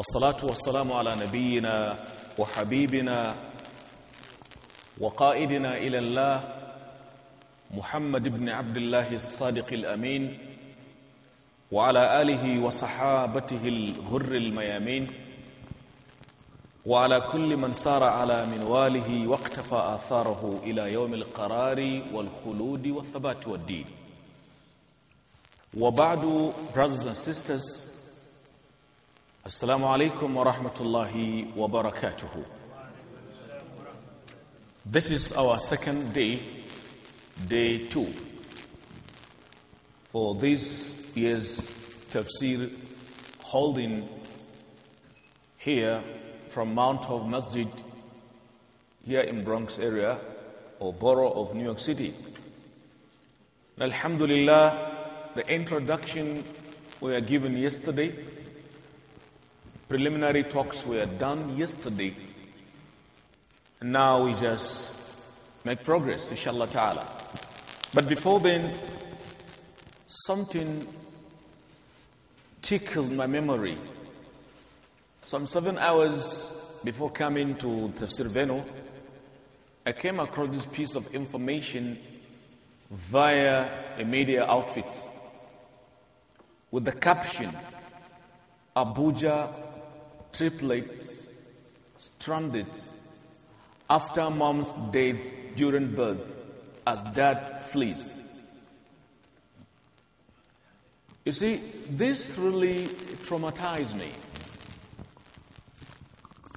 والصلاة والسلام على نبينا وحبيبنا وقائدنا إلى الله محمد بن عبد الله الصادق الأمين وعلى آله وصحابته الغر الميامين وعلى كل من سار على منواله واقتفى آثاره إلى يوم القرار والخلود والثبات والدين وبعد brothers and sisters Assalamu alaikum wa rahmatullahi wa barakatuhu. This is our second day, day two, for this year's tafsir holding here from Mount of Masjid here in Bronx area or borough of New York City. Alhamdulillah, the introduction we were given yesterday Preliminary talks were done yesterday. And now we just make progress, inshallah ta'ala. But before then, something tickled my memory. Some seven hours before coming to Tafsir Veno, I came across this piece of information via a media outfit with the caption Abuja triplets stranded after mom's death during birth as dad flees. You see, this really traumatized me.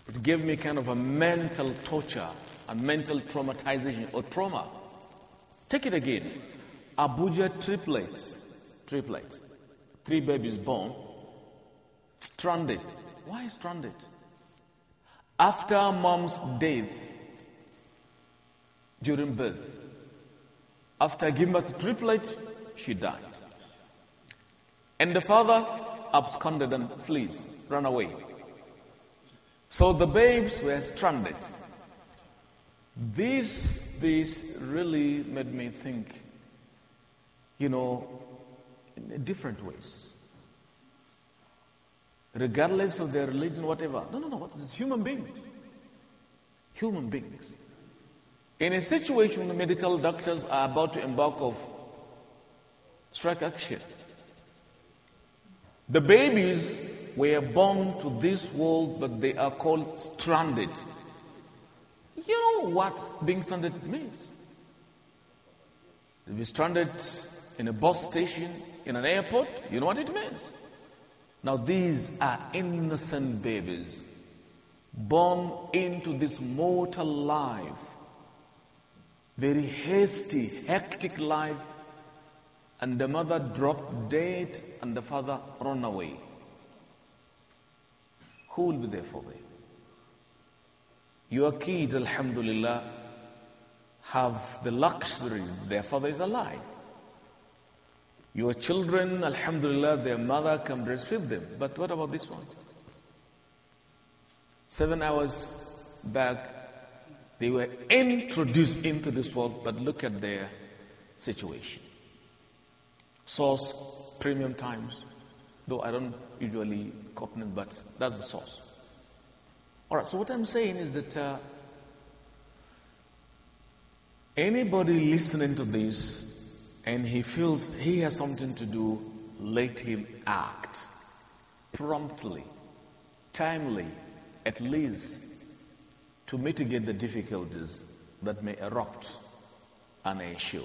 It gave me kind of a mental torture, a mental traumatization or trauma. Take it again. Abuja triplets, triplets, three babies born, stranded why stranded? After mom's death, during birth, after giving birth to triplet, she died. And the father absconded and flees, ran away. So the babes were stranded. This, this really made me think, you know, in different ways regardless of their religion, whatever. No, no, no. It's human beings. Human beings. In a situation when medical doctors are about to embark of strike action, the babies were born to this world, but they are called stranded. You know what being stranded means? To be stranded in a bus station, in an airport, you know what it means. Now, these are innocent babies born into this mortal life, very hasty, hectic life, and the mother dropped dead and the father run away. Who will be there for them? Your kids, alhamdulillah, have the luxury, their father is alive. Your children, alhamdulillah, their mother can breastfeed them. But what about these ones? Seven hours back, they were introduced into this world, but look at their situation. Source, premium times. Though I don't usually coordinate, but that's the source. All right, so what I'm saying is that uh, anybody listening to this and he feels he has something to do, let him act promptly, timely, at least to mitigate the difficulties that may erupt an issue.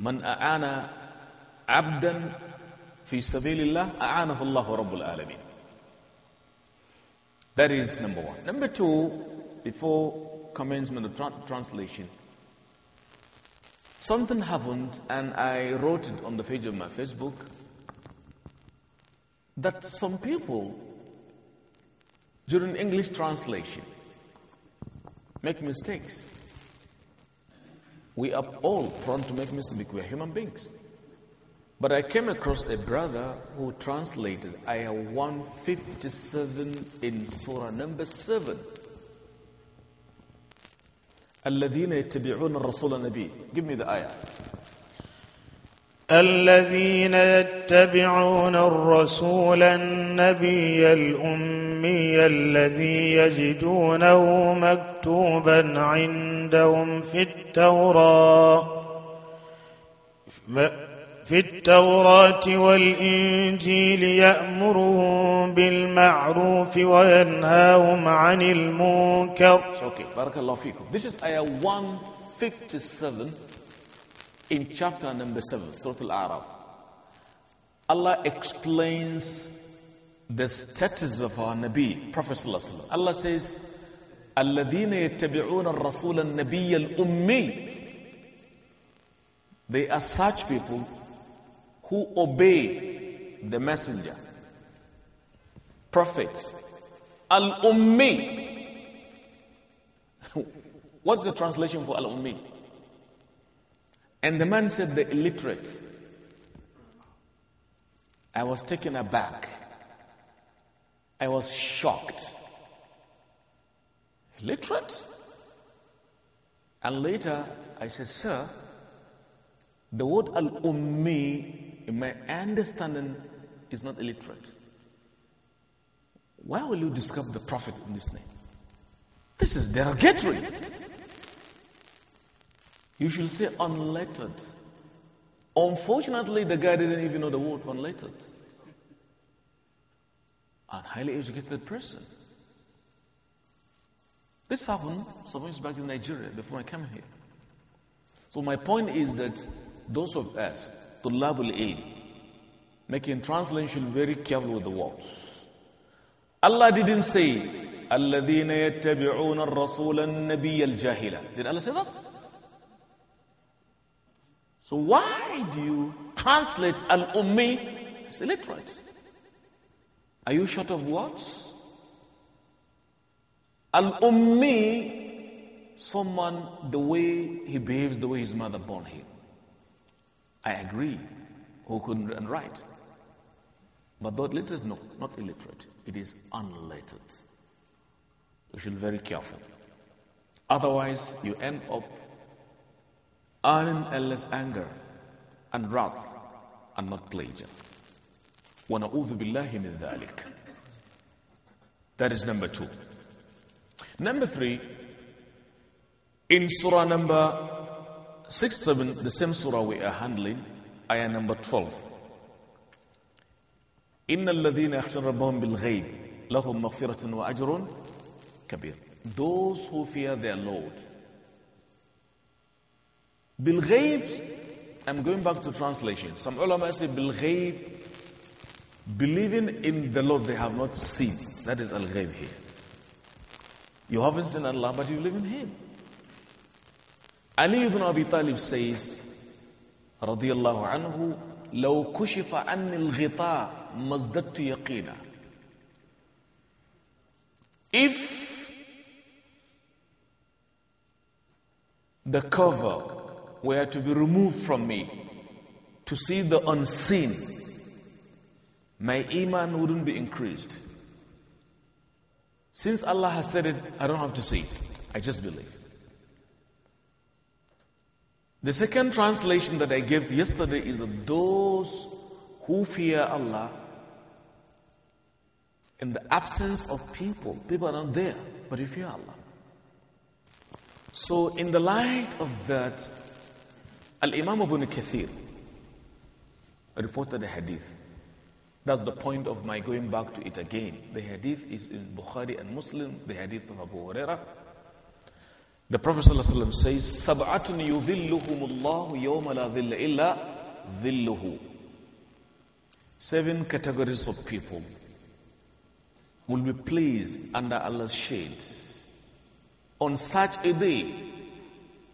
من أعان عبدا في سبيل الله أعانه الله رب العالمين. That is number one. Number two, before commencement of translation, Something happened, and I wrote it on the page of my Facebook that some people during English translation make mistakes. We are all prone to make mistakes, because we are human beings. But I came across a brother who translated Ayah 157 in Surah number 7. الذين يتبعون الرسول النبي give me the ayah الذين يتبعون الرسول النبي الأمي الذي يجدونه مكتوبا عندهم في التوراة في التوراة والإنجيل يأمرهم بالمعروف وينهاهم عن المنكر. Okay, بارك الله فيكم. This is ayah 157 in chapter number 7, Surah al Arab. Allah explains the status of our Nabi, Prophet Sallallahu Allah says, الذين يتبعون الرسول النبي الأمي They are such people who obey the messenger, prophets, Al Ummi. What's the translation for Al Ummi? And the man said, The illiterate. I was taken aback. I was shocked. Illiterate? And later I said, Sir, the word Al Ummi in my understanding, is not illiterate. Why will you discover the prophet in this name? This is derogatory. You should say unlettered. Unfortunately, the guy didn't even know the word unlettered. A highly educated person. This happened some years back in Nigeria before I came here. So, my point is that those of us, Tullabul Ilm, making translation very careful with the words. Allah didn't say, Alladina yattabi'una rasul an-nabiy al-jahila. Did Allah say that? So why do you translate al-ummi as illiterate? Are you short of words? Al-ummi, someone the way he behaves, the way his mother born him. I agree, who couldn't write. But that letter is no, not illiterate. It is unlettered. You should be very careful. Otherwise, you end up earning endless anger and wrath and not pleasure. وَنَعُوذُ بِاللَّهِ مِنْ ذَلِكَ That is number two. Number three, in surah number 6 7, the same surah we are handling, ayah number 12. إن الذين bil-ghayb, بالغيب لهم wa ajrun كبير. Those who fear their Lord. Bil-ghayb. I'm going back to translation. Some ulama say bil-ghayb, believing in the Lord they have not seen. That is Al al-ghayb here. You haven't seen Allah, but you believe in Him. Ali ibn Abi Talib says, رضي الله عنه لو كشف عني الغطاء ما ازددت يقينا If the cover were to be removed from me to see the unseen, my iman wouldn't be increased. Since Allah has said it, I don't have to say it. I just believe. The second translation that I gave yesterday is that those who fear Allah in the absence of people, people are not there, but you fear Allah. So, in the light of that, Al Imam Ibn Kathir reported a hadith. That's the point of my going back to it again. The hadith is in Bukhari and Muslim, the hadith of Abu Hurairah. The Prophet ﷺ says, Sab'atun yudhilluhumullahu yawma la dhilla illa dhilluhu. Seven categories of people will be placed under Allah's shade on such a day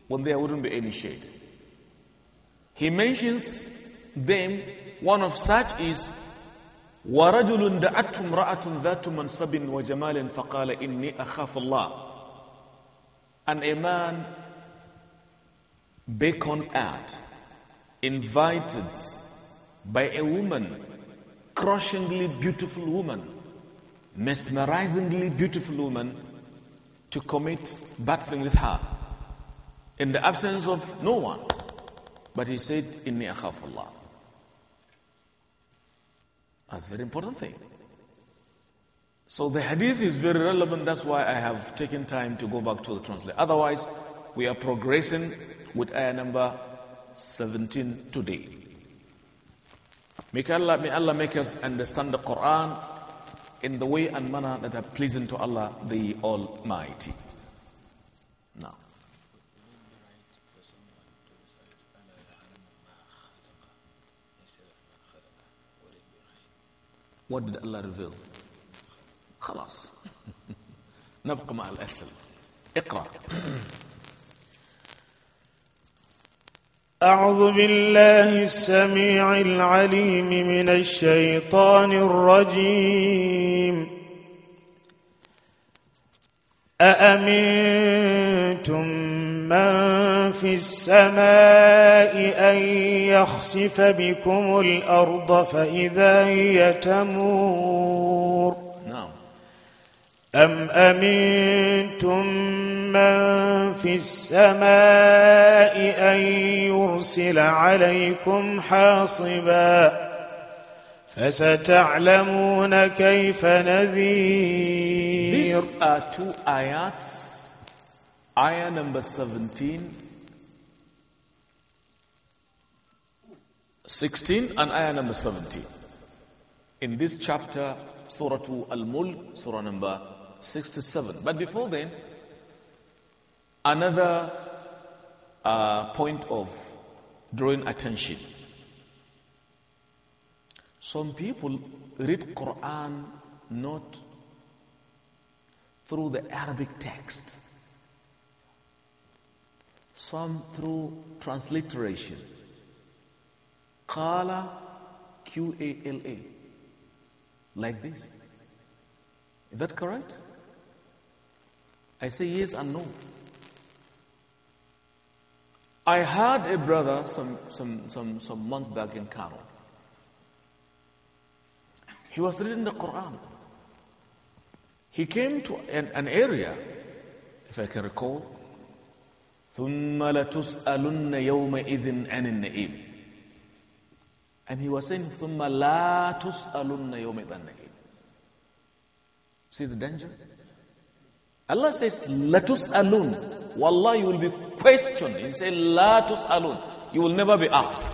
when there wouldn't be any shade. He mentions them. One of such is ورجل دعته امرأة ذات منصب وجمال فقال إني أخاف الله and a man beckoned at, invited by a woman, crushingly beautiful woman, mesmerizingly beautiful woman, to commit bad thing with her in the absence of no one. But he said, Inni akhafullah. That's a very important thing. So the hadith is very relevant. That's why I have taken time to go back to the translation. Otherwise, we are progressing with ayah number 17 today. May Allah, may Allah make us understand the Quran in the way and manner that are pleasing to Allah the Almighty. Now. What did Allah reveal? خلاص نبقى مع الأسل اقرأ أعوذ بالله السميع العليم من الشيطان الرجيم أأمنتم من في السماء أن يخسف بكم الأرض فإذا هي تمور أم أمنتم من في السماء أن يرسل عليكم حاصبا فستعلمون كيف نذير These are two ayats Ayah number 17 16 and ayah number 17 In this chapter Surah Al-Mulk Surah number 6 to 7. But before then, another uh, point of drawing attention. Some people read Quran not through the Arabic text, some through transliteration. Qala, Q A L A, like this. Is that correct? I say yes and no. I had a brother some, some, some, some month back in Kano. He was reading the Quran. He came to an, an area, if I can recall. ثم لتسألن and he was saying, ثُمَّ لَا See the danger? Allah says, "Let us alone." Wallah, you will be questioned. He said, us alone." You will never be asked.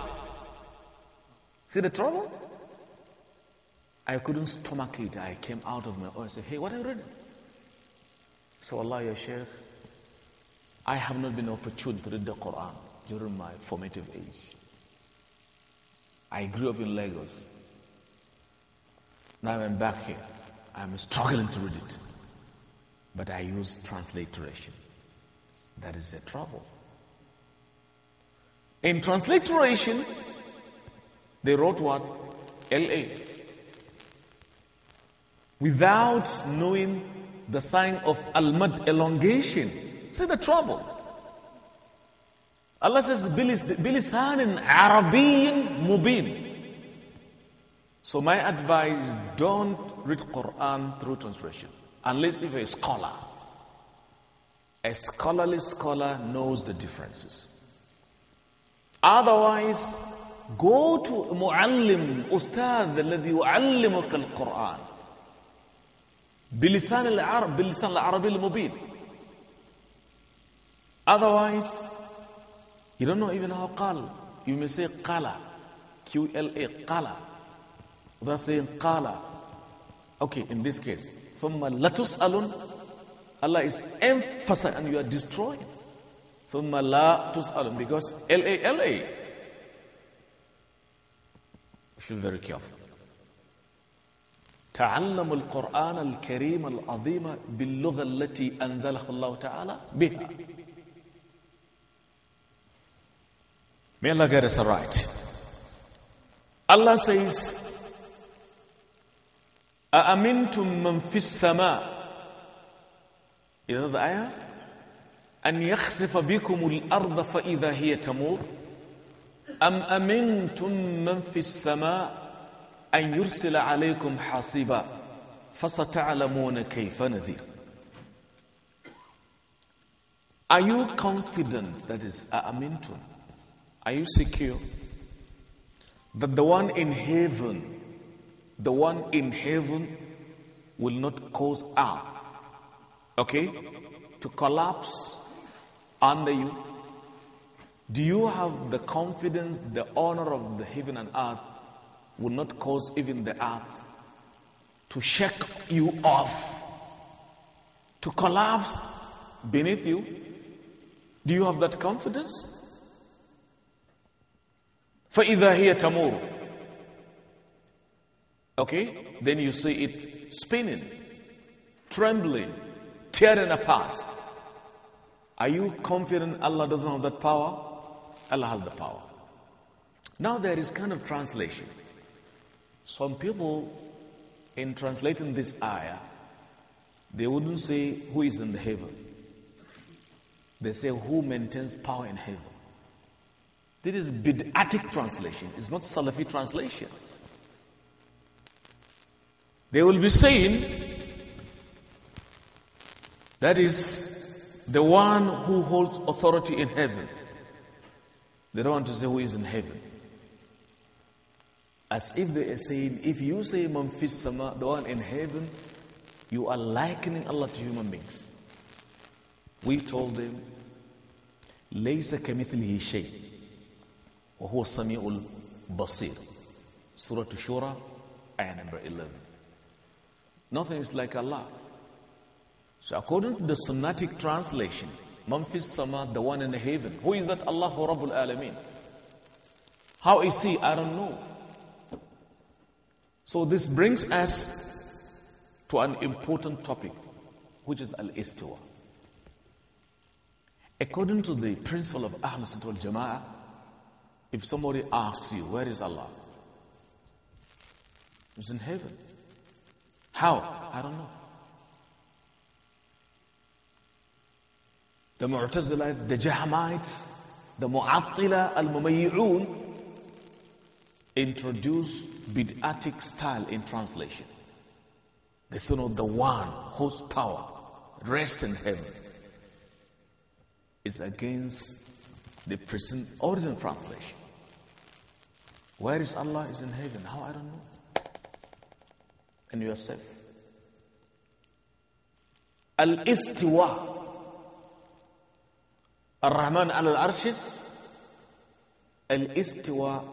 See the trouble? I couldn't stomach it. I came out of my own. I said, Hey, what have you read? So, Allah, your Sheikh, I have not been opportune to read the Quran during my formative age. I grew up in Lagos. Now I'm back here. I'm struggling to read it. But I use transliteration. That is a trouble. In transliteration, they wrote what? LA. Without knowing the sign of Almad elongation. See the trouble. Allah says, Bilisanin Arabian Mubin. So, my advice don't read Quran through translation unless if you're a scholar. A scholarly scholar knows the differences. Otherwise, go to muallim, ustad, الذي يعلمك القرآن. بلسان العرب بلسان العربي المبين. Otherwise, you don't know even how قال You may say قَالَ Q L A قَالَ Without saying قَالَ Okay, in this case, Thumma latus alun. Allah is emphasizing and you are destroying. Thumma la alone Because L-A-L-A. Should be very careful. تعلم القرآن الكريم العظيم باللغة التي أنزله الله تعالى بها May Allah get us right. Allah says, أأمنتم من في السماء إذا الآية أن يخسف بكم الأرض فإذا هي تمور أم أمنتم من في السماء أن يرسل عليكم حاصبا فستعلمون كيف نذير Are you confident that is أأمنتم Are you secure that the one in heaven the one in heaven will not cause earth, okay, to collapse under you? Do you have the confidence the honor of the heaven and earth will not cause even the earth to shake you off, to collapse beneath you? Do you have that confidence? فإذا هي تمور Okay? Then you see it spinning, trembling, tearing apart. Are you confident Allah doesn't have that power? Allah has the power. Now there is kind of translation. Some people, in translating this ayah, they wouldn't say who is in the heaven. They say who maintains power in heaven. This is bid'atic translation. It's not Salafi translation. They will be saying, that is the one who holds authority in heaven. They don't want to say who is in heaven. As if they are saying, if you say Imam fis sama, the one in heaven, you are likening Allah to human beings. We told them, ليس كمثله شيء وهو السميع البصير سورة الشورى آية number 11 Nothing is like Allah. So according to the Sunnatic translation, Man sama, the one in the heaven. Who is that? Allah Rabbul Alameen. How is he? I don't know. So this brings us to an important topic, which is al-istiwa. According to the principle of Ahl Sunnah Jama'ah, if somebody asks you, where is Allah? He's in heaven. How? I don't know. The Mu'tazilites, the Jahamites, the Mu'attila, Al-Mumayyi'un introduce bid'atic style in translation. The say, "No, the One, whose power, rests in heaven, is against the present original translation. Where is Allah? Is in heaven. How? I don't know and yourself. Al Istiwa. Ar Rahman al Arshis. Al Istiwa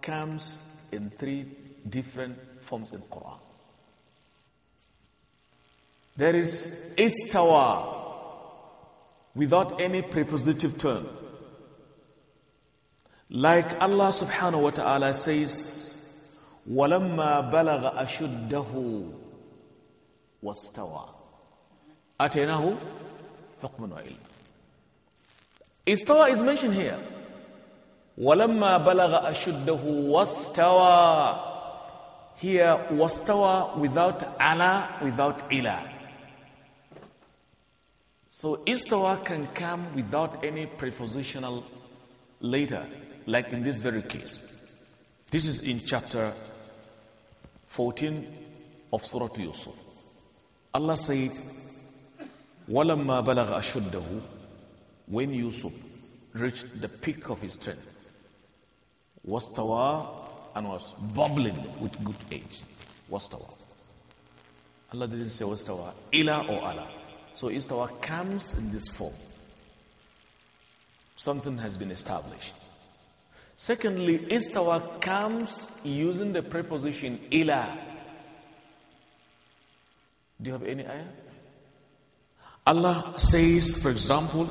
comes in three different forms in Quran. There is istawa without any prepositive term. Like Allah subhanahu wa ta'ala says, ولما بلغ أشده واستوى أتيناه حكما وعلما استوى is mentioned here ولما بلغ أشده واستوى here واستوى without Allah, without ila so istawa can come without any prepositional later like in this very case this is in chapter 14 of Surah Yusuf. Allah said, When Yusuf reached the peak of his strength, was tawa and was bubbling with good age. Was tawa. Allah didn't say was tawa, ila or Allah. So istawa comes in this form. Something has been established. Secondly, istawa comes using the preposition ila. Do you have any ayah? Allah says, for example,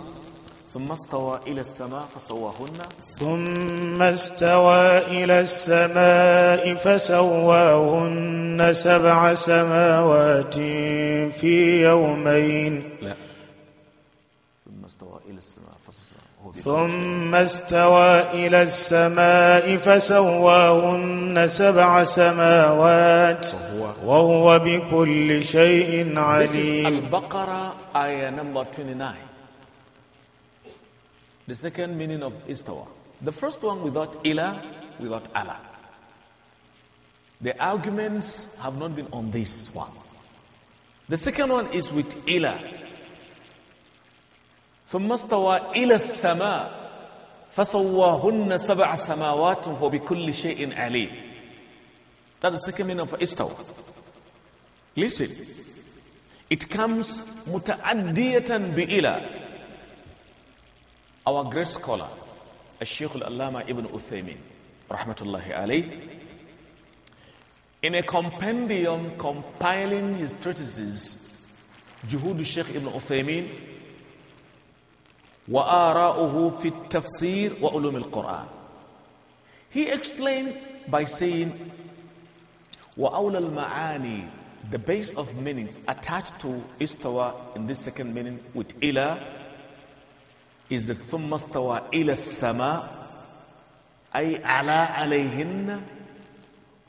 ثم استوى إلى السماء فسواهن ثم استوى إلى السماء فسواهن سبع سماوات في يومين لا ثم استوى إلى السماء ثم استوى إلى السماء فسواهن سبع سماوات وهو بكل شيء عليم This is Al-Baqarah ayah number 29 The second meaning of istawa The first one without ila, without Allah The arguments have not been on this one The second one is with ila ثم استوى إلى السماء فسواهن سبع سماوات وهو بكل شيء عليم That is the second meaning of استوى Listen It comes متعدية بإلى Our great scholar الشيخ الألامة ابن أثيمين رحمة الله عليه in a compendium compiling his treatises جهود الشيخ ابن أثيمين وآراؤه في التفسير وعلوم القرآن He explained by saying وأولى المعاني the base of meanings attached to istawa in this second meaning with ila is the thumma ثم استوى إلى السماء أي على عليهن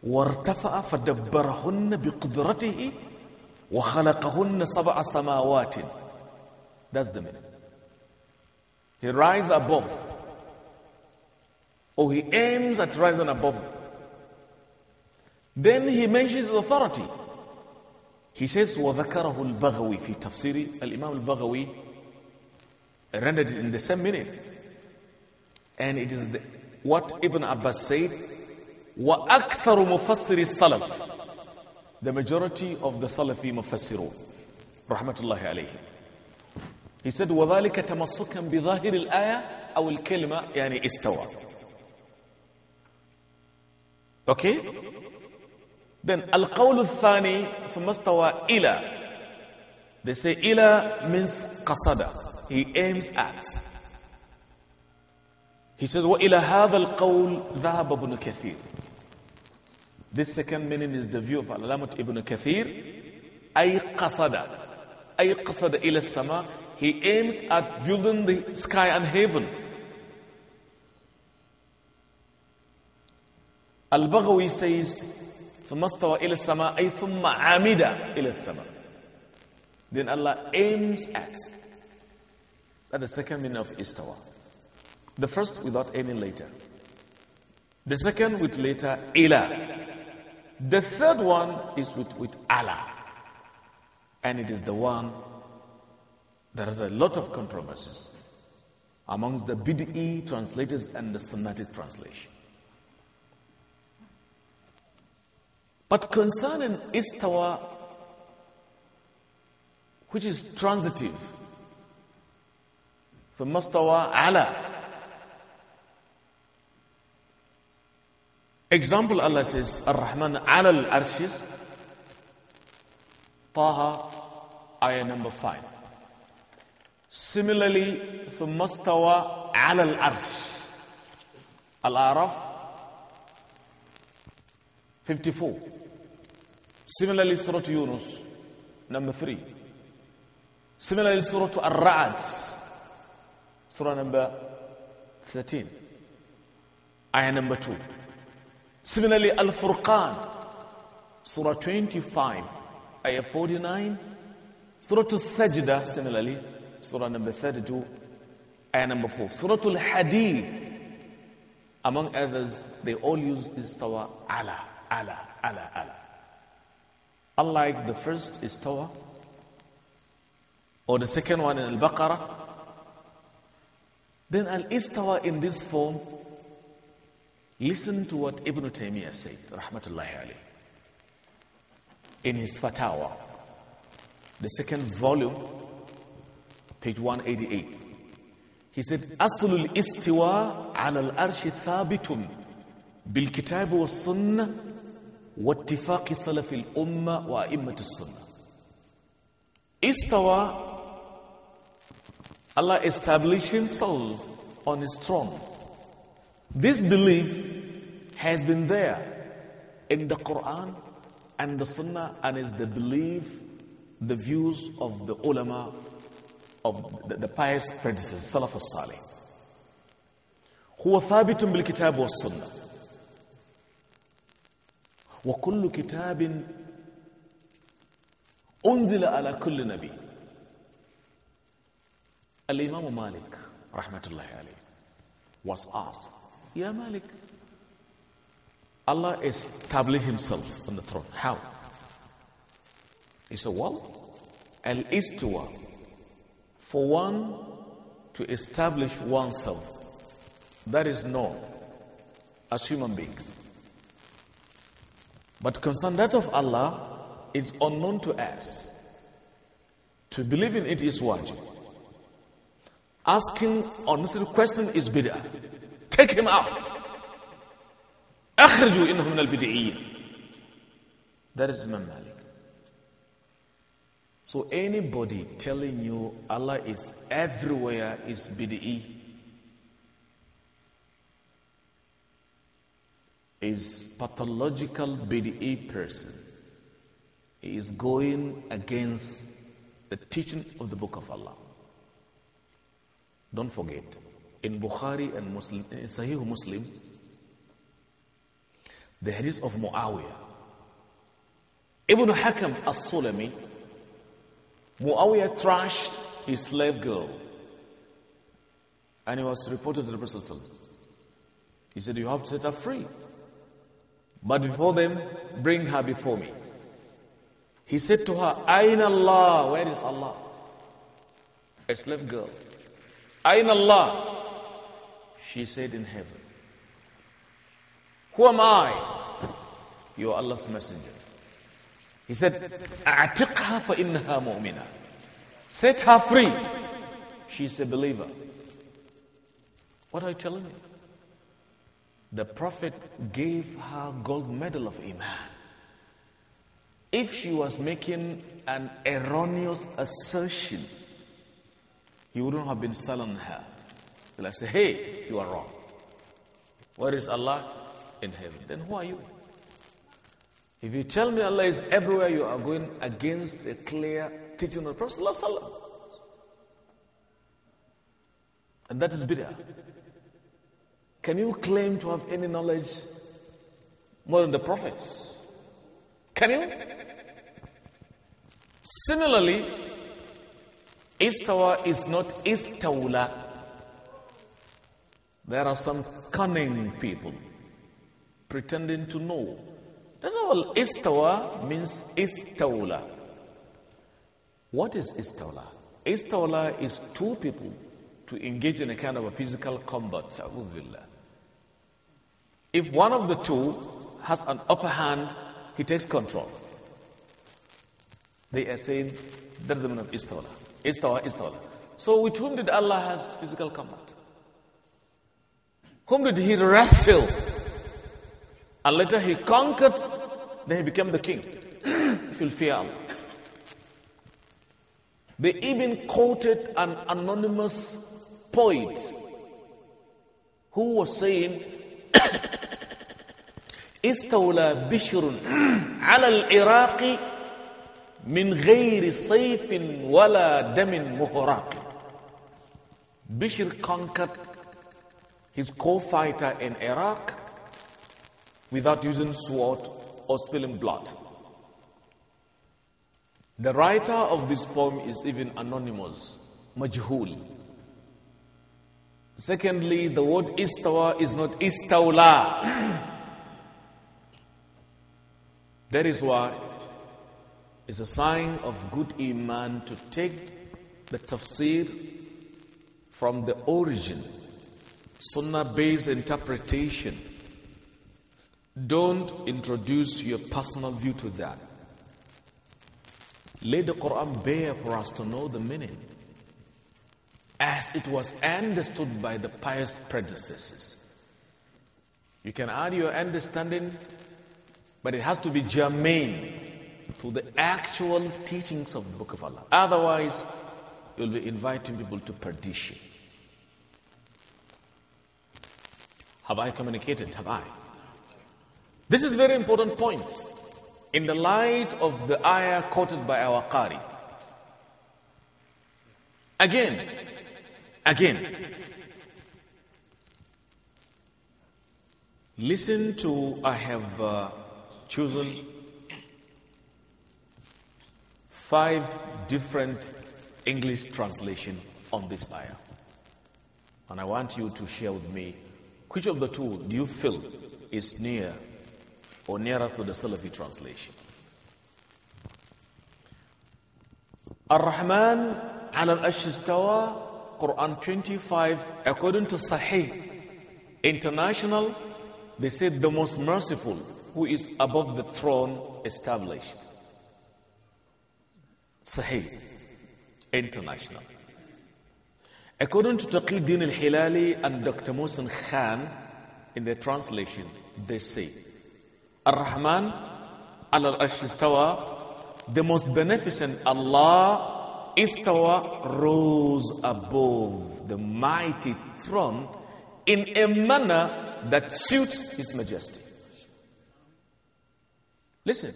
وارتفع فدبرهن wa وخلقهن sab'a samawatin. That's the meaning. He rises above. Or oh, he aims at rising above. Then he mentions authority. He says, وَذَكَرَهُ الْبَغَوِي في تفسير الإمام البغوي rendered in the same minute. And it is the, what Ibn Abbas said, وَأَكْثَرُ مُفَسِّرِ salaf." The majority of the Salafi mufassirun, rahmatullahi alayhi. He said, وَذَلِكَ تَمَسُّكًا بِظَاهِرِ الْآيَةِ أو الكلمة يعني استوى. Okay? Then القول الثاني ثم استوى إلى. They say إلى means قصد. He aims at. He says وإلى هذا القول ذهب ابن كثير. This second meaning is the view of علامة ابن كثير. أي قصد. أي قصد إلى السماء he aims at building the sky and heaven. Al-Baghawi says, "The استوى إلى السماء أي ثم then Allah aims at that's the second meaning of istawa the first without any later the second with later ila the third one is with, with Allah and it is the one there is a lot of controversies amongst the BDE translators and the Sunnatic translation. But concerning istawa, which is transitive, the mustawa ala. Example Allah says, Ar-Rahman ala al-arshis, Taha, ayah number five. Similarly, ثم استوى على العرش الأعراف 54 Similarly, Surah Yunus, number 3. Similarly, Surah Ar-Ra'd, Surah number 13, Ayah number 2. Similarly, Al-Furqan, Surah 25, Ayah 49. Surah Sajda, similarly, surah number 32, ayah number 4. Suratul Hadid. Among others, they all use istawa Allah, Allah, Allah, Allah. Unlike the first istawa, or the second one in Al-Baqarah, then Al-Istawa in this form, listen to what Ibn Taymiyyah said, rahmatullahi alayh, in his fatwa, the second volume page 188. He said, أصل الاستواء على wa ثابت بالكتاب والسنة umma wa الأمة وأئمة السنة. Istawa, Allah established Himself on His throne. This belief has been there in the Quran and the Sunnah and is the belief, the views of the ulama of the, pious predecessors, Salaf al Salih, who were thabitun bil kitab wa sunnah. Wa kullu kitabin unzila ala kulli nabi. Al Malik, rahmatullahi alayhi, was asked, Ya Malik, Allah is tabling himself on the throne. How? He said, Well, al istiwa for one to establish oneself. That is known as human beings. But concern that of Allah is unknown to us. To believe in it is wajib. Asking unnecessary question is bid'ah. Take him out. أخرجوا إنهم من البدعيين. That is Imam Malik. So anybody telling you Allah is everywhere is BDE. Is pathological BDE person. He is going against the teaching of the book of Allah. Don't forget, in Bukhari and Muslim, in eh, Sahih Muslim, the hadith of Muawiyah. Ibn Hakam as-Sulami Muawiyah thrashed his slave girl. And he was reported to the Prophet. He said, You have to set her free. But before them, bring her before me. He said to her, Ain Allah, where is Allah? A slave girl. Ain Allah. She said, In heaven. Who am I? You are Allah's messenger. He said, for فَإِنَّهَا mu'mina. Set her free. She's a believer. What are you telling me? The Prophet gave her gold medal of Iman. If she was making an erroneous assertion, he wouldn't have been silent her. He'll have hey, you are wrong. Where is Allah? In heaven. Then who are you? If you tell me Allah is everywhere, you are going against the clear teaching of the Prophet. And that is bid'ah. Can you claim to have any knowledge more than the prophets? Can you? Similarly, istawa is not istawla. There are some cunning people pretending to know that's all. Istawa means istawla. What is istawla? Istawla is two people to engage in a kind of a physical combat. If one of the two has an upper hand, he takes control. They are saying that's the meaning of istawla. Istawa, istawla. So with whom did Allah has physical combat? Whom did he wrestle? And later he conquered, then he became the king. you should fear Allah. They even quoted an anonymous poet who was saying, استولى بشر على العراق من غير سيف ولا دم مهراق Bishir conquered his co-fighter in Iraq without using sword or spilling blood. The writer of this poem is even anonymous, majhul. Secondly, the word istawa is not istawla. that is why it's a sign of good iman to take the tafsir from the origin, sunnah based interpretation don't introduce your personal view to that. Lay the Quran bare for us to know the meaning as it was understood by the pious predecessors. You can add your understanding, but it has to be germane to the actual teachings of the Book of Allah. Otherwise, you'll be inviting people to perdition. Have I communicated? Have I? This is very important point in the light of the ayah quoted by our Qari. Again, again, listen to, I have uh, chosen five different English translation on this ayah. And I want you to share with me which of the two do you feel is near or nearer to the Salafi translation. Ar-Rahman al istawa Quran 25 according to Sahih International they said the most merciful who is above the throne established Sahih International According to Taqiddin al-Hilali and Dr. Mohsen Khan in their translation they say Ar-Rahman, al-Arsh istawa, the most beneficent Allah, istawa, rose above the mighty throne in a manner that suits His majesty. Listen,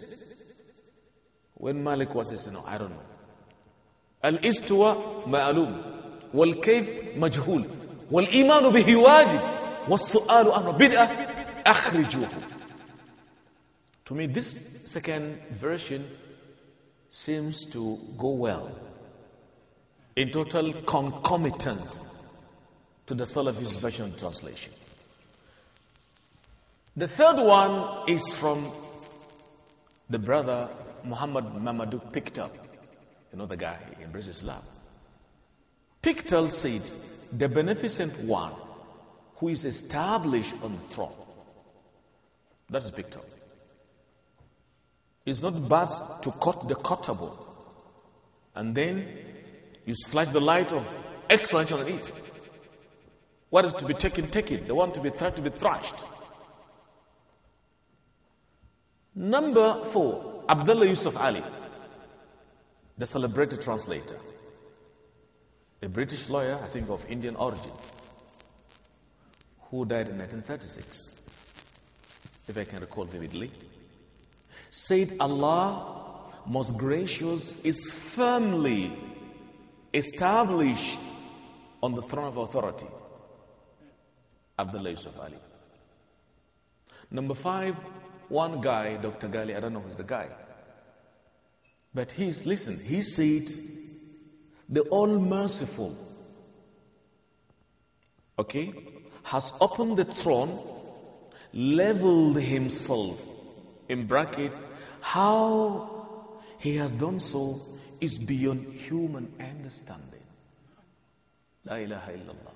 when Malik was saying, no, I don't know. Al-istawa Wal والكيف مجهول والإيمان به واجب والسؤال عن بدعة أخرجوه to me, this second version seems to go well in total concomitance to the Salafist version translation. The third one is from the brother Muhammad Mamadou Pictel. You know the guy in British Islam. Pictel said, The beneficent one who is established on the throne. That's Pictel. It's not bad to cut the cuttable. And then you flash the light of explanation on it. What is to be taken, take it. The one to be thrashed, to be thrashed. Number four, Abdullah Yusuf Ali, the celebrated translator, a British lawyer, I think of Indian origin, who died in 1936, if I can recall vividly said Allah, most gracious, is firmly established on the throne of authority. Abdullah Yusuf Ali. Number five, one guy, Dr. Gali, I don't know who's the guy. But he's, listen, he said, the all merciful, okay, has opened the throne, leveled himself in bracket, how he has done so is beyond human understanding. La ilaha illallah.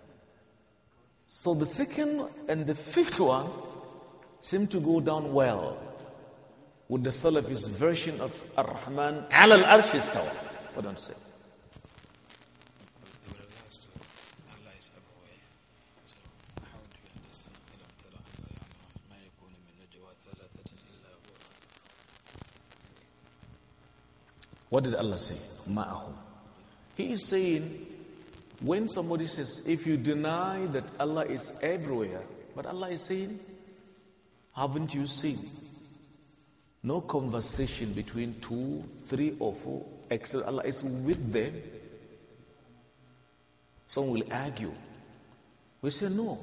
So the second and the fifth one seem to go down well with the Salafist version of Ar-Rahman al-Arsh istawa. What don't say? What did Allah say? Ma'ahum. He is saying, when somebody says, if you deny that Allah is everywhere, but Allah is saying, haven't you seen? No conversation between two, three, or four, except Allah is with them. Some will argue. We say, no.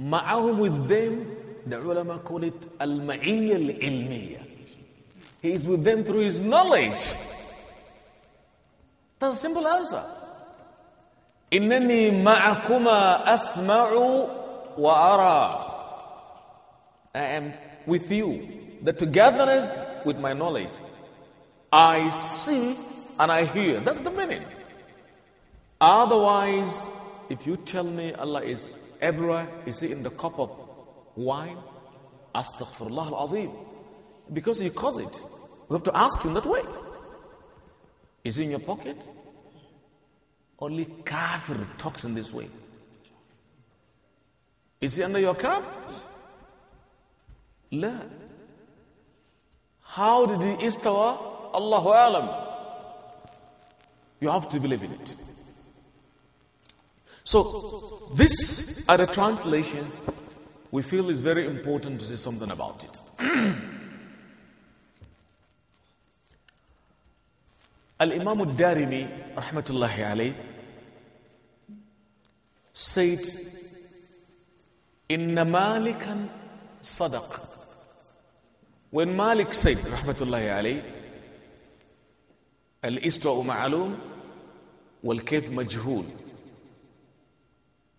Ma'ahum with them, the ulama call it al-ma'iyya al-ilmiyya. He is with them through His knowledge. That's a simple answer. إنني معكما wa وأرى I am with you. The togetherness with my knowledge. I see and I hear. That's the meaning. Otherwise, if you tell me Allah is everywhere, is He in the cup of wine? Astaghfirullah al-Azim. Because He caused it. We have to ask Him that way. Is it in your pocket? Only kafir talks in this way. Is it under your cap? La. How did he istawa? Allahu alam. You have to believe in it. So, these are the translations we feel is very important to say something about it. الإمام الدارمي رحمة الله عليه سيد إن مالكا صدق وإن مالك سيد رحمة الله عليه الإستواء معلوم والكيف مجهول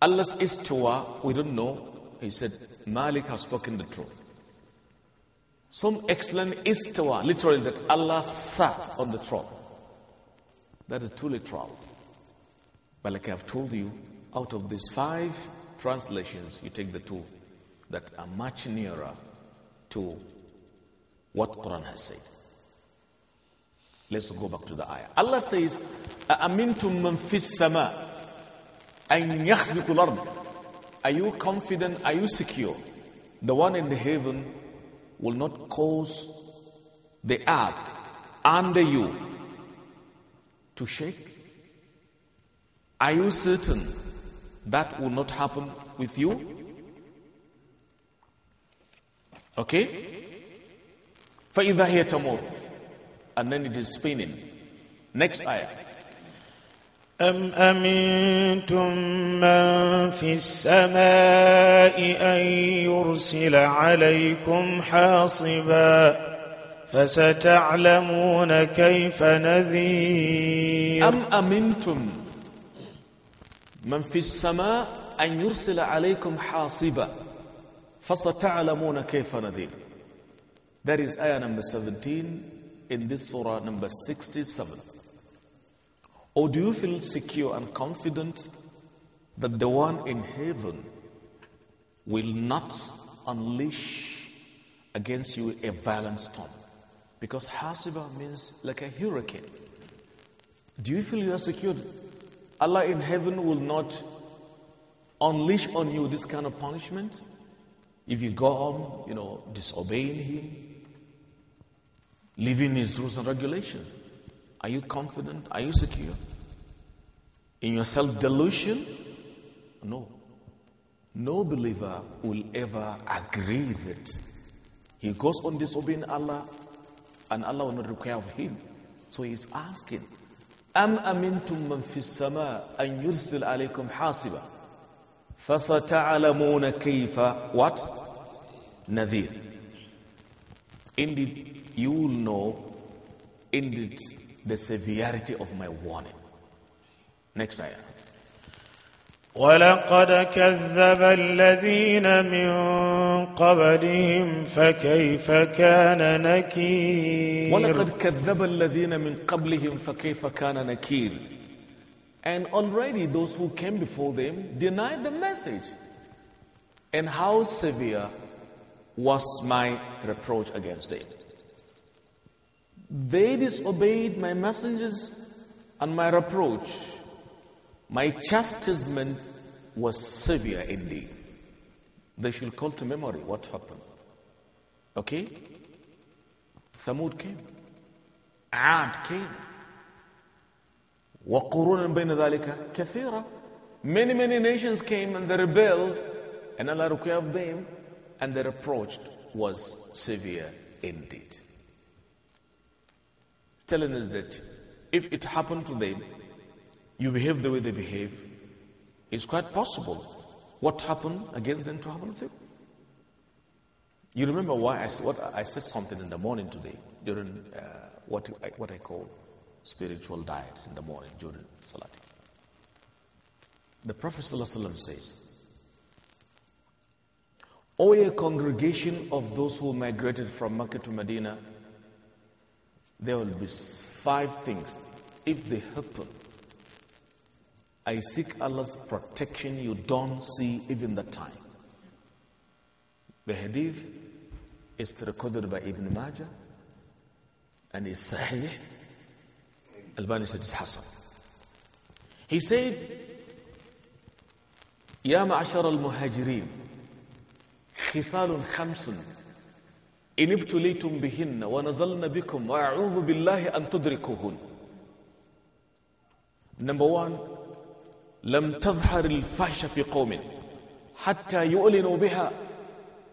الله استوى we don't know he said مالك has spoken the truth some explain استوى literally that Allah sat on the throne That is too literal. But like I've told you, out of these five translations, you take the two that are much nearer to what Quran has said. Let's go back to the ayah. Allah says, "Amintum مَّن فِي sama أَن يَخْزِقُ Are you confident? Are you secure? The one in the heaven will not cause the earth under you to shake? Are you certain that will not happen with you? Okay? either here tomorrow, And then it is spinning. Next ayah. أم أمنتم من في السماء أن يرسل عليكم حاصباً فستعلمون كيف نذير أم أمنتم من في السماء أن يرسل عليكم حاصبا فستعلمون كيف نذير That is ayah number 17 in this surah number 67. Or do you feel secure and confident that the one in heaven will not unleash against you a violent storm? Because hasiba means like a hurricane. Do you feel you are secured? Allah in heaven will not unleash on you this kind of punishment if you go on, you know, disobeying Him, living His rules and regulations. Are you confident? Are you secure? In your self delusion? No. No believer will ever agree that he goes on disobeying Allah and Allah will not require of him. So he's asking, أَمْ أَمِنْتُمْ مَنْ فِي sama أَنْ يُرْسِلْ عَلَيْكُمْ حَاصِبًا فَسَتَعْلَمُونَ كَيْفَ What? Nadir. Indeed, you will know, indeed, the severity of my warning. Next ayah. ولقد كذب الذين من قبلهم فكيف كان نكير ولقد كذب الذين من قبلهم فكيف كان نكير And already those who came before them denied the message. And how severe was my reproach against them. They disobeyed my messengers and my reproach. My chastisement was severe indeed. They should call to memory what happened. Okay? Thamud came. Ad came. وقرون بين ذلك كثيرة Many, many nations came and they rebelled and Allah required them and their reproach was severe indeed. Telling us that if it happened to them, you behave the way they behave, it's quite possible what happened against them to happen with you. You remember why I, what I said something in the morning today during uh, what, I, what I call spiritual diet in the morning during Salat. The Prophet ﷺ says, O a congregation of those who migrated from Mecca to Medina, there will be five things if they happen I seek Allah's protection, you don't see even the time. The hadith is recorded by Ibn Majah and is Sahih. Albani said it's Hassan. He said, يا معشر المهاجرين خصال خمس إن ابتليتم بهن ونزلنا بكم وأعوذ بالله أن تدركوهن. Number one, لم تظهر الفحشة في قوم حتى يؤلنوا بها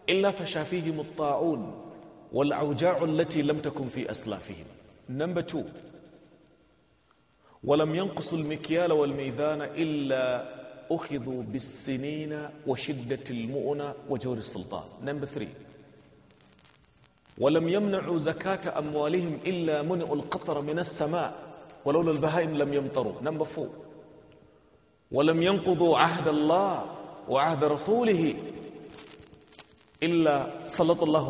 إلا فشا فيهم الطاعون والأوجاع التي لم تكن في أسلافهم Number two ولم ينقصوا المكيال والميذان إلا أخذوا بالسنين وشدة المؤنة وجور السلطان Number three ولم يمنعوا زكاة أموالهم إلا منعوا القطر من السماء ولولا البهائم لم يمطروا Number four ولم ينقضوا عهد الله وعهد رسوله إلا سلط الله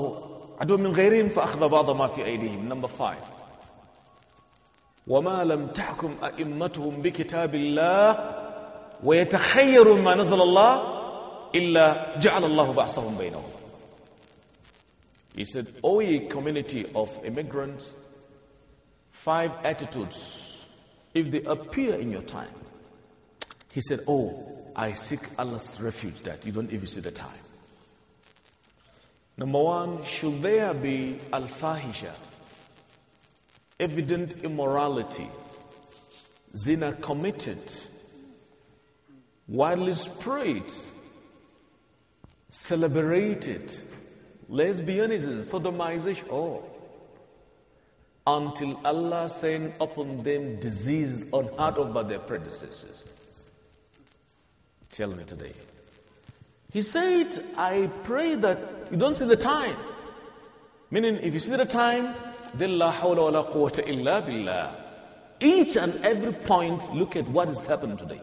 عدو من غيرهم فأخذ بعض ما في أيديهم نمبر فايف وما لم تحكم أئمتهم بكتاب الله ويتخير ما نزل الله إلا جعل الله بعصهم بينهم He said, O ye community of immigrants, five attitudes, if they appear in your time, He said, Oh, I seek Allah's refuge that you don't even see the time. Number one, should there be al fahisha, evident immorality, zina committed, widely spread, celebrated, lesbianism, sodomization, all. Oh. Until Allah send upon them disease unheard of by their predecessors. Tell me today. He said, I pray that you don't see the time. Meaning, if you see the time, then la hawla wa la quwwata illa billah. Each and every point, look at what is happening today.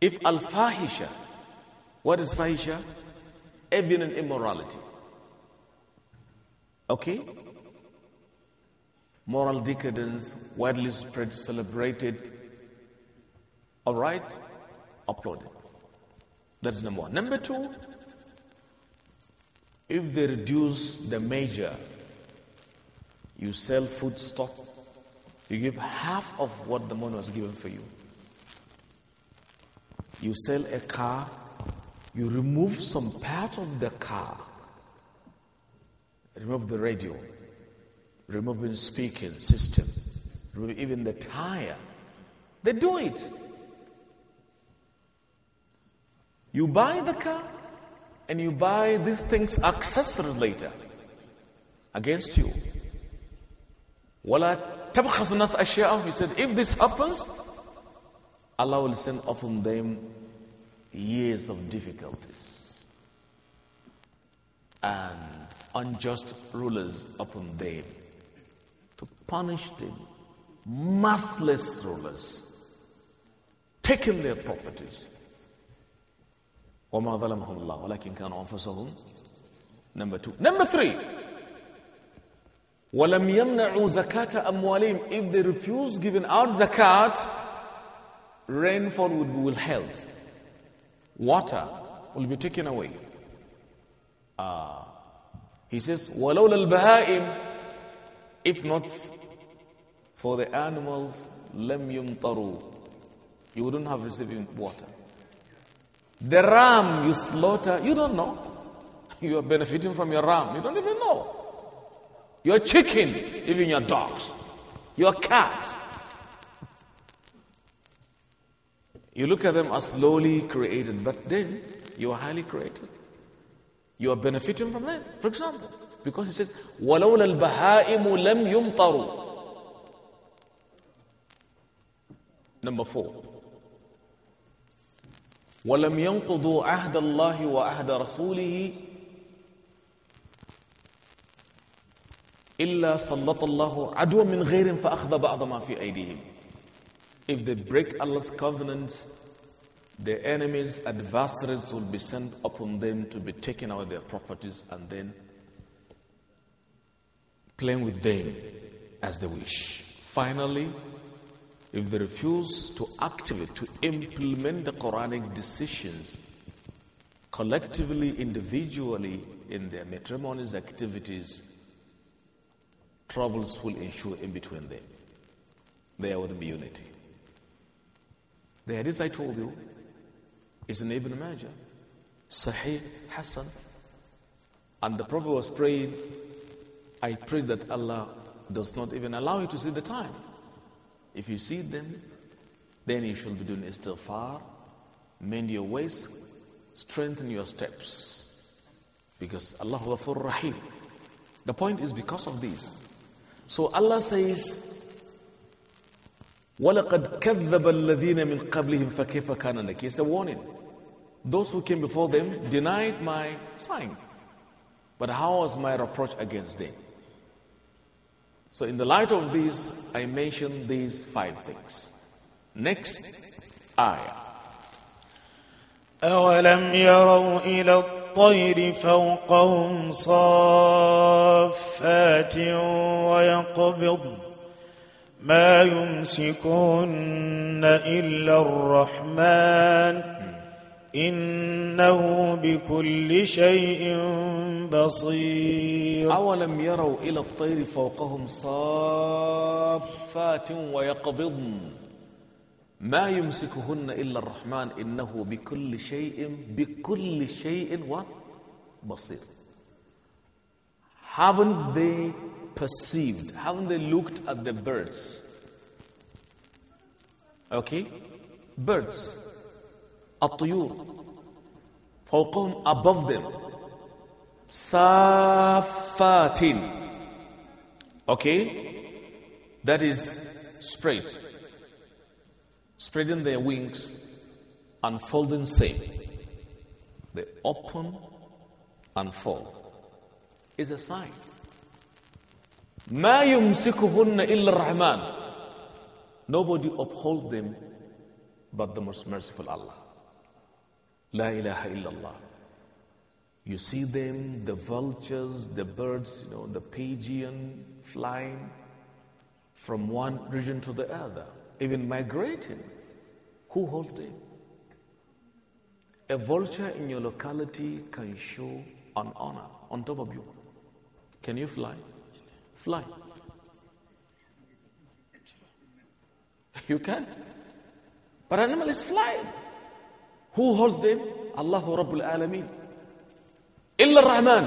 If al fahisha, what is fahisha? Evident immorality. Okay? Moral decadence, widely spread, celebrated. All right? uploaded. That's number one. Number two, if they reduce the major, you sell food stock, you give half of what the money was given for you. You sell a car, you remove some part of the car, remove the radio, remove the speaking system, remove even the tire. They do it. You buy the car and you buy these things accessories later against you. وَلَا He said, if this happens, Allah will send upon them years of difficulties and unjust rulers upon them to punish them, merciless rulers, taking their properties وما ظلمهم الله ولكن كانوا أنفسهم Number two. Number three. وَلَمْ يَمْنَعُوا زَكَاةَ أَمْوَالِهِمْ If they refuse giving out zakat, rainfall will be withheld. Water will be taken away. Uh, he says, وَلَوْلَا الْبَهَائِمْ If not for the animals, لَمْ يُمْطَرُوا You wouldn't have received water. The ram you slaughter, you don't know. You are benefiting from your ram. You don't even know. Your chicken, even your dogs, your cats. You look at them as slowly created, but then you are highly created. You are benefiting from them, for example. Because he says, وَلَوْلَا الْبَهَائِمُ لَمْ يُمْطَرُوا Number four. ولم ينقضوا عهد الله وعهد رسوله إلا سلط الله عدوا من غير فأخذ بعض ما في أيديهم If they break Allah's covenants, their enemies, adversaries will be sent upon them to be taken out of their properties and then playing with them as they wish. Finally, if they refuse to actively to implement the Quranic decisions collectively, individually in their matrimonial activities, troubles will ensue in between them. There would be unity. The hadith I told you is an Ibn Majah, Sahih Hassan. And the Prophet was praying, I pray that Allah does not even allow you to see the time. If you see them, then you shall be doing istighfar, mend your ways, strengthen your steps. Because Allah Ghafur Rahim. The point is because of this. So Allah says, وَلَقَدْ كَذَّبَ الَّذِينَ مِنْ قَبْلِهِمْ فَكَيْفَ كَانَ لَكِ It's a warning. Those who came before them denied my sign. But how was my reproach against them? So, in the light of these, I mention these five things. Next ayah. أولم يروا إلى الطير فوقهم صافات ويقبض ما يمسكون إلا الرحمن ۖ إنه بكل شيء بصير أولم يروا إلى الطير فوقهم صافات ويقبضن ما يمسكهن إلا الرحمن إنه بكل شيء بكل شيء بصير Haven't they perceived? Haven't they looked at the birds? Okay? Birds. الطيور فوقهم above them safatin okay that is spread spreading their wings and folding same they open and fall is a sign ما يمسكهن إلا الرحمن nobody upholds them but the most merciful Allah La ilaha illallah. You see them, the vultures, the birds, you know, the pigeon flying from one region to the other, even migrating. Who holds them? A vulture in your locality can show an honor on top of you. Can you fly? Fly. You can. But animal is flying. Who holds them? Allahu Rabbul Alameen. إلا الرحمن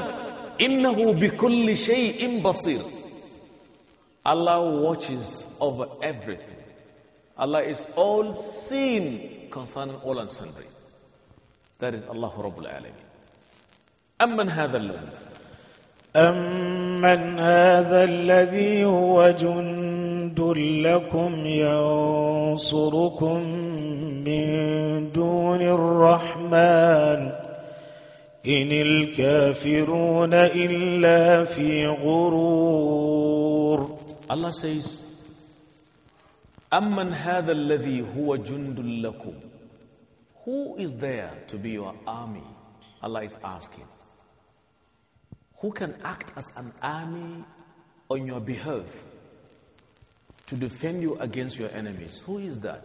إنه بكل شيء بصير Allah watches over everything. Allah is all seen concerning all and sundry. That is Allah Rabbul Alameen. أمن هذا الذي أمن هذا الذي هو جند جند لكم ينصركم من دون الرحمن إن الكافرون إلا في غرور Allah says أمن هذا الذي هو جند لكم Who is there to be your army? Allah is asking. Who can act as an army on your behalf? to defend you against your enemies. Who is that?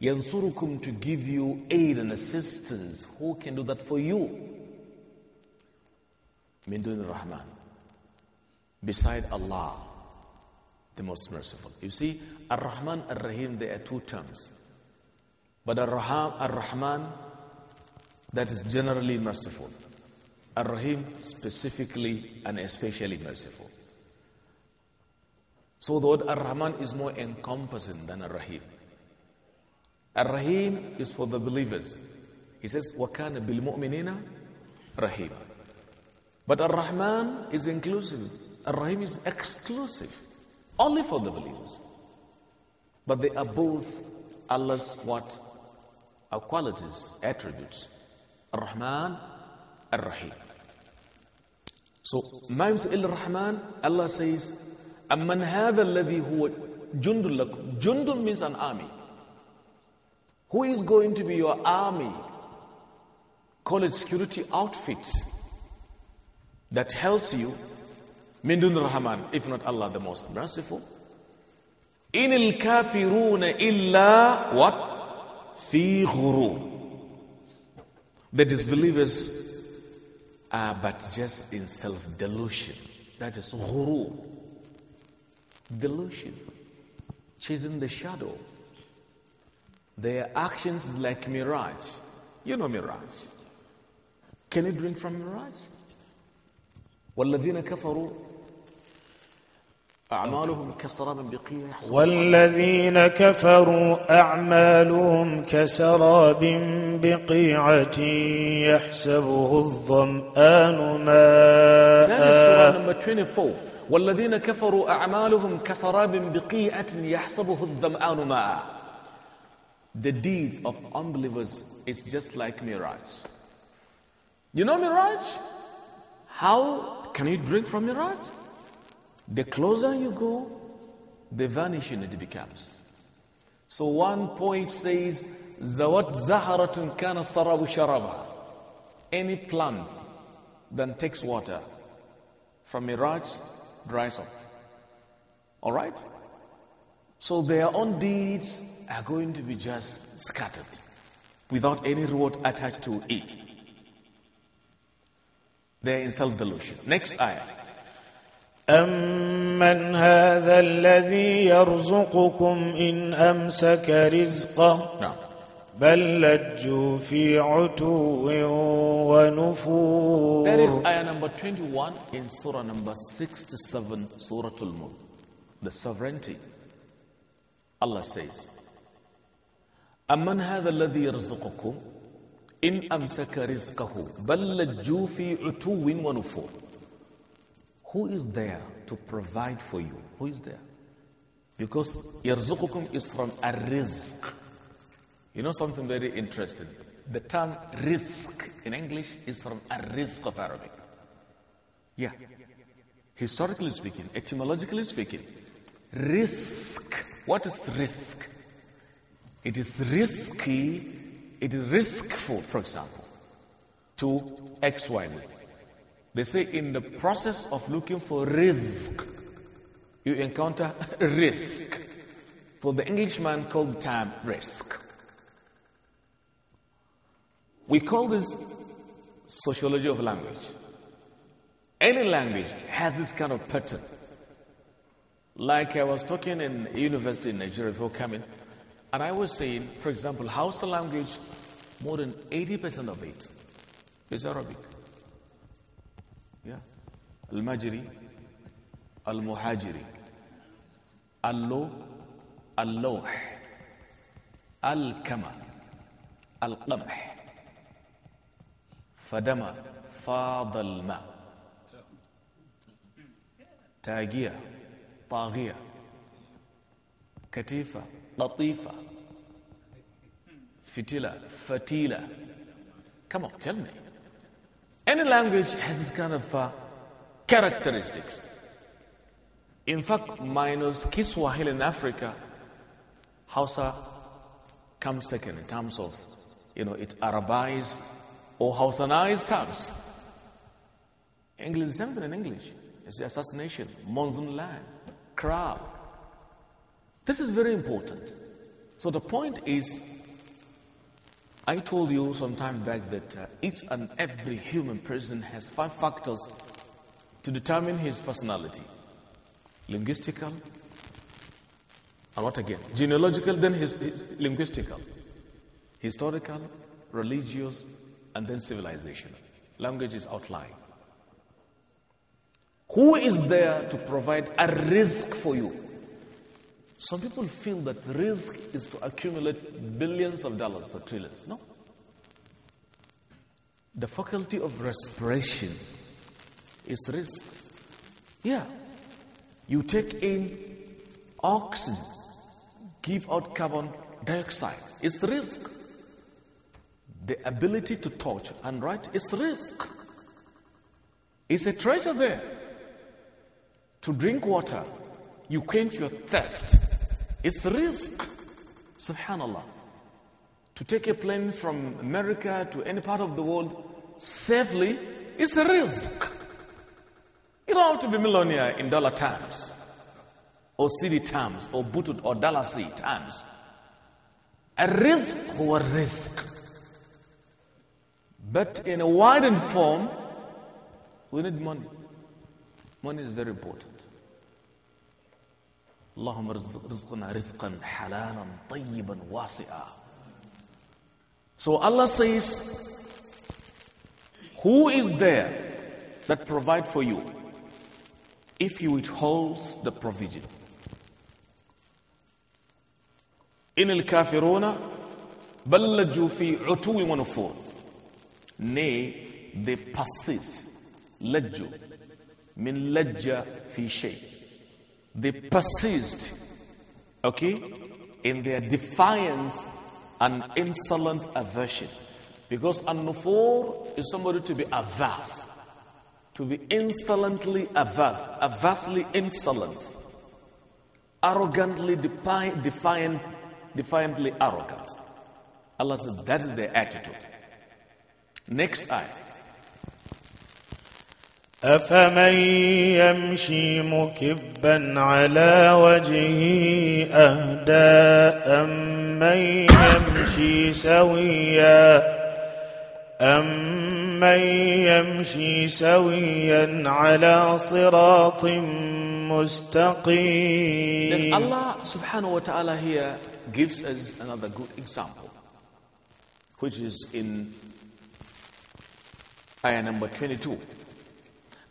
Yansurukum to give you aid and assistance. Who can do that for you? Mindun Rahman. Beside Allah, the most merciful. You see, Ar Rahman, Ar Rahim, there are two terms. But Ar Rahman, that is generally merciful. Ar Rahim, specifically and especially merciful. So the word Ar-Rahman is more encompassing than Ar-Rahim. Ar-Rahim is for the believers. He says, وَكَانَ بِالْمُؤْمِنِينَ Rahim. But Ar-Rahman is inclusive. Ar-Rahim is exclusive. Only for the believers. But they are both Allah's what? Our qualities, attributes. Ar-Rahman, Ar-Rahim. So, Il Rahman, Allah says, أَمَّنْ هَذَا الَّذِي هُوَ جُنْدٌ لَكُمْ Jundun means an army. Who is going to be your army? Call it security outfits that helps you. Mindun Rahman, if not Allah the most merciful. In al kafiruna illa what? Fi ghurur. The disbelievers are but just in self delusion. That is ghurur. Delusion. She's in the shadow. Their actions is like mirage. You know mirage. Can you drink from mirage? والذين كفروا أعمالهم كسراب بقيع والذين كفروا أعمالهم كسراب بقيعة يحسبه الظمآن ماء That is surah number 24. والذين كفروا أعمالهم كسراب بقيعة يحسبه الظمآن ماء The deeds of unbelievers is just like mirage. You know mirage? How can you drink from mirage? The closer you go, the vanishing it becomes. So one point says, Zawat zaharatun kana sarabu sharaba. Any plant that takes water from mirage dries up. All right? So their own deeds are going to be just scattered without any reward attached to it. They're in self delusion. Next ayah. أمن هذا الذي يرزقكم إن أمسك رزقه بل لجوا في عتو ونفور That is ayah number 21 in surah number 67, surah al-mulk. The sovereignty. Allah says, أمن هذا الذي يرزقكم إن أمسك رزقه بل لجوا في عتو ونفور Who is there to provide for you? Who is there? Because يرزقكم is from a rizq. You know something very interesting? The term risk in English is from a risk of Arabic. Yeah. Historically speaking, etymologically speaking, risk. What is risk? It is risky, it is riskful, for example, to XYZ. They say in the process of looking for risk, you encounter risk. For the Englishman, called the term risk. We call this sociology of language. Any language has this kind of pattern. Like I was talking in university in Nigeria before coming, and I was saying, for example, Hausa language, more than 80% of it is Arabic. Yeah. Al Majiri, Al Muhajiri, Al Lo, Al Lawh, Al Kama, Al Qamah. Fadama, Fadalma, Tagia, Tagia, Katifa, Latifa, Fitila, Fatila. Come on, tell me. Any language has this kind of uh, characteristics. In fact, minus Kiswahili in Africa, Hausa comes second in terms of, you know, it Arabized or is terms. English is something in English. It's the assassination, Muslim land, crowd. This is very important. So the point is, I told you some time back that uh, each and every human person has five factors to determine his personality. Linguistical, and what again? Genealogical, then his, his linguistical, historical, religious, and then civilization. Language is outlying. Who is there to provide a risk for you? Some people feel that risk is to accumulate billions of dollars or trillions. No. The faculty of respiration is risk. Yeah. You take in oxygen, give out carbon dioxide. It's the risk. The ability to touch and write is risk. It's a treasure there. To drink water, you quench your thirst. It's risk. Subhanallah. To take a plane from America to any part of the world safely is a risk. You don't have to be millionaire in dollar terms, or city terms, or booted or dollar city terms. A risk or a risk. But in a widened form, we need money. Money is very important. اللهم رزقنا رزقا حلالا طيبا واسعا. So Allah says, Who is there that provide for you if he withholds the provision? إن الكافرون بلجوا في عتو ونفور Nay, they persist. Lajju. Min lajja fi shay. They persist, okay, in their defiance and insolent aversion. Because an-nufur is somebody to be averse, to be insolently averse, aversely insolent, arrogantly defiant, defiantly arrogant. Allah says that is their attitude. Next ayah. أفمن يمشي مكبا على وجهه أهدى أمن يمشي سويا أمن يمشي سويا على صراط مستقيم Then Allah subhanahu wa ta'ala here gives us another good example which is in Ayah number 22.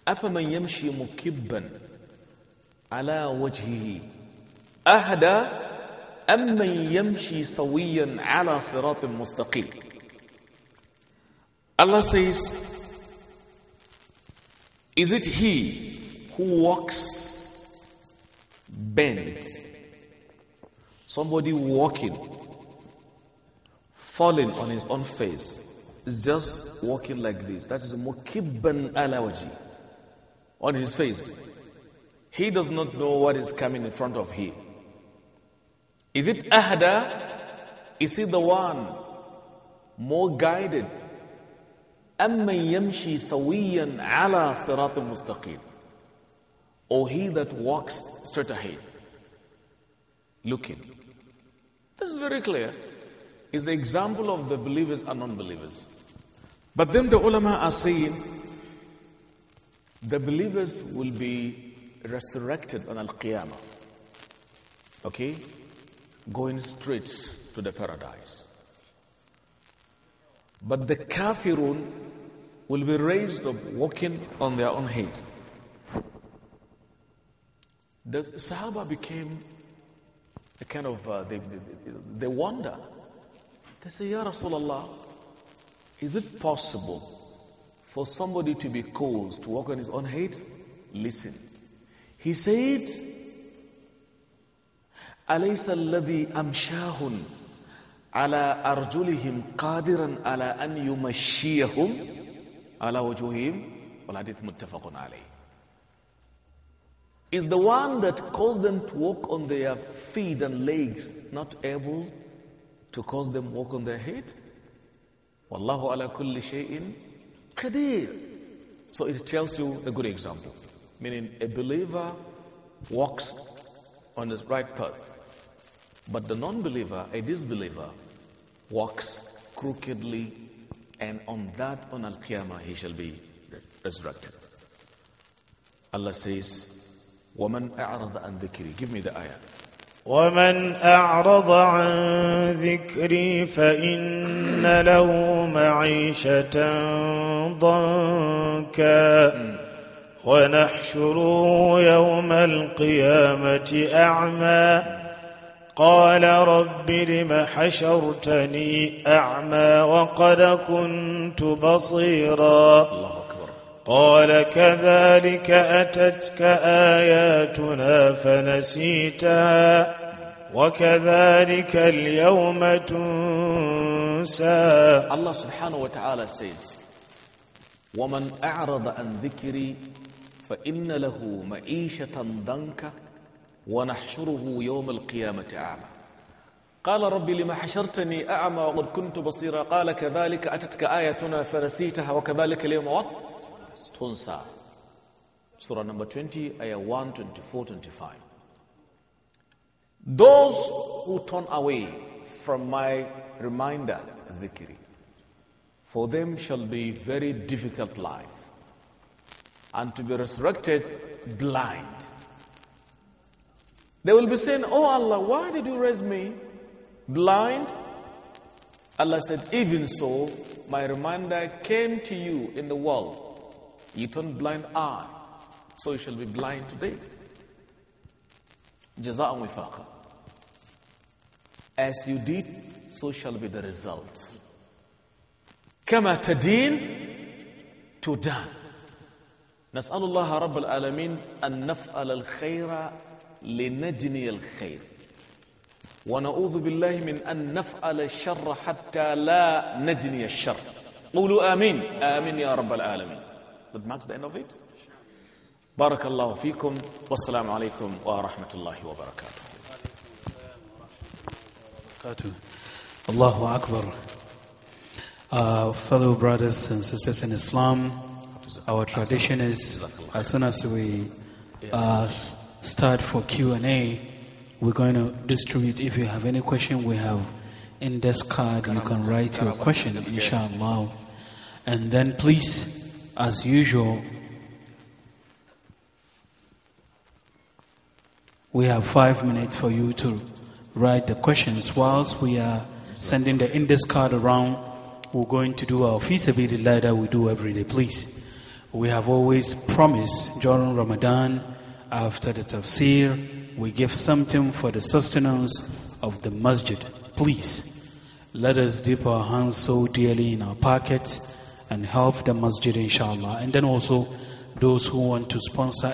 أَفَمَنْ يَمْشِي مُكِبًّا عَلَى وَجْهِهِ أَهْدَى أَمَّنْ يَمْشِي سَوِيًّا عَلَى صِرَاطٍ مُسْتَقِيمٍ Allah says, Is it he who walks bent? Somebody walking, falling on his own face is just walking like this. That is a mukibban alawaji on his face. He does not know what is coming in front of him. Is it ahda? Is he the one more guided? أَمَّنْ يَمْشِي سَوِيًّا عَلَى صِرَاطٍ مُسْتَقِيمٍ Or he that walks straight ahead, looking. This is very clear is the example of the believers and non believers. But then the ulama are saying the believers will be resurrected on Al Qiyamah. Okay? Going straight to the paradise. But the kafirun will be raised up walking on their own head. The Sahaba became a kind of, uh, they, they, they wonder they say, Ya Rasulullah, is it possible for somebody to be caused to walk on his own head? Listen. He said, أليس الذي أمشاهن على أرجلهم قادرا على أن يمشيهم على وجوههم والحديث متفق عليه is the one that caused them to walk on their feet and legs not able to cause them walk on their head? Wallahu ala kulli shay'in qadir. So it tells you a good example, meaning a believer walks on the right path, but the non believer, a disbeliever, walks crookedly, and on that, on Al Qiyamah, he shall be resurrected. Allah says, وَمَنْ أَعْرَضَ عَنْ ذِكْرِي Give me the ayah. ومن اعرض عن ذكري فان له معيشه ضنكا ونحشره يوم القيامه اعمى قال رب لم حشرتني اعمى وقد كنت بصيرا الله قال كذلك اتتك اياتنا فنسيتها وكذلك اليوم تنسى الله سبحانه وتعالى says ومن اعرض عن ذكري فان له معيشه ضنكا ونحشره يوم القيامه اعمى قال ربي لما حشرتني اعمى وقد كنت بصيرا قال كذلك اتتك اياتنا فنسيتها وكذلك اليوم Tonsa. Surah number 20, ayah 1, 24, 25. Those who turn away from my reminder, dhikri, for them shall be very difficult life and to be resurrected blind. They will be saying, Oh Allah, why did you raise me blind? Allah said, Even so, my reminder came to you in the world He turned blind eye, so he shall be blind today. Jaza'an wifaqa. As you did, so shall be the result. كما تدين تدان نسأل الله رب العالمين أن نفعل الخير لنجني الخير ونعوذ بالله من أن نفعل الشر حتى لا نجني الشر قولوا آمين آمين يا رب العالمين Not marks the end of it. Barakallahu fikum. Wassalamu alaikum wa rahmatullahi wa barakatuh. Allahu Akbar. Uh, fellow brothers and sisters in Islam, our tradition is as soon as we uh, start for Q&A, we're going to distribute. If you have any question, we have index card. You can write your question, inshallah. And then please as usual, we have five minutes for you to write the questions. Whilst we are sending the index card around, we're going to do our feasibility that we do every day. Please, we have always promised during Ramadan, after the tafsir, we give something for the sustenance of the masjid. Please, let us dip our hands so dearly in our pockets and help the masjid inshallah. And then also those who want to sponsor